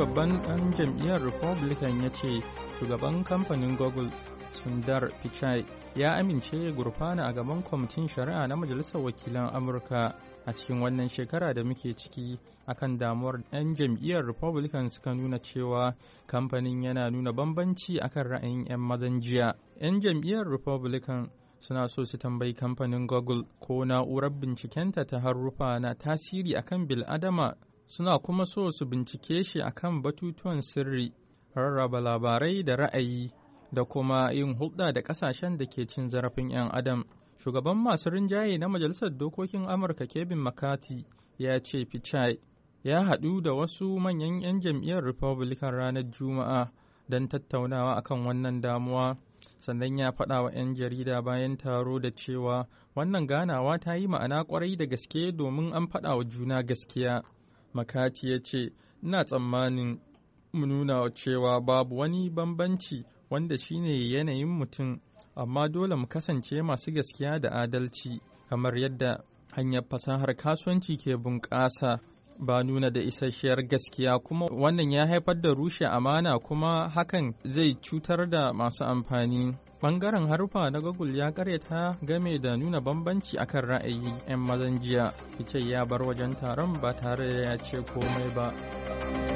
babban ɗan jam'iyyar republican ya ce shugaban kamfanin google sundar pichai ya amince gurfana a gaban kwamitin shari'a na majalisar wakilan amurka a cikin wannan shekara da muke ciki akan damuwar 'yan jam'iyyar republican suka nuna cewa kamfanin yana nuna bambanci akan ra'ayin 'yan mazan jiya 'yan jam'iyyar republican suna so su tambayi kamfanin google ko na'urar bincikenta ta haruffa na tasiri akan bil'adama suna kuma so su bincike shi a kan batutuwan sirri rarraba labarai da ra'ayi da kuma yin hulɗa da ƙasashen da ke cin zarafin 'yan adam shugaban masu rinjaye na majalisar dokokin amurka kevin mccarthy ya ce pichai ya haɗu da wasu manyan 'yan jam'iyyar republican ranar juma'a don tattaunawa akan wannan damuwa sannan ya faɗa wa 'yan jarida bayan taro da cewa wannan ganawa ta yi ma'ana kwarai da gaske domin an faɗa wa juna gaskiya makati ya ce ina tsammanin nuna cewa babu wani bambanci wanda shine yanayin mutum amma dole mu kasance masu gaskiya da adalci kamar yadda hanyar fasahar kasuwanci ke bunƙasa ba nuna da isasshiyar gaskiya kuma wannan ya haifar da rushe amana kuma hakan zai cutar da masu amfani bangaren harufa na google ya karyata game da nuna bambanci akan ra'ayi 'yan mazan jiya ya bar wajen taron ba tare da ya ce komai ba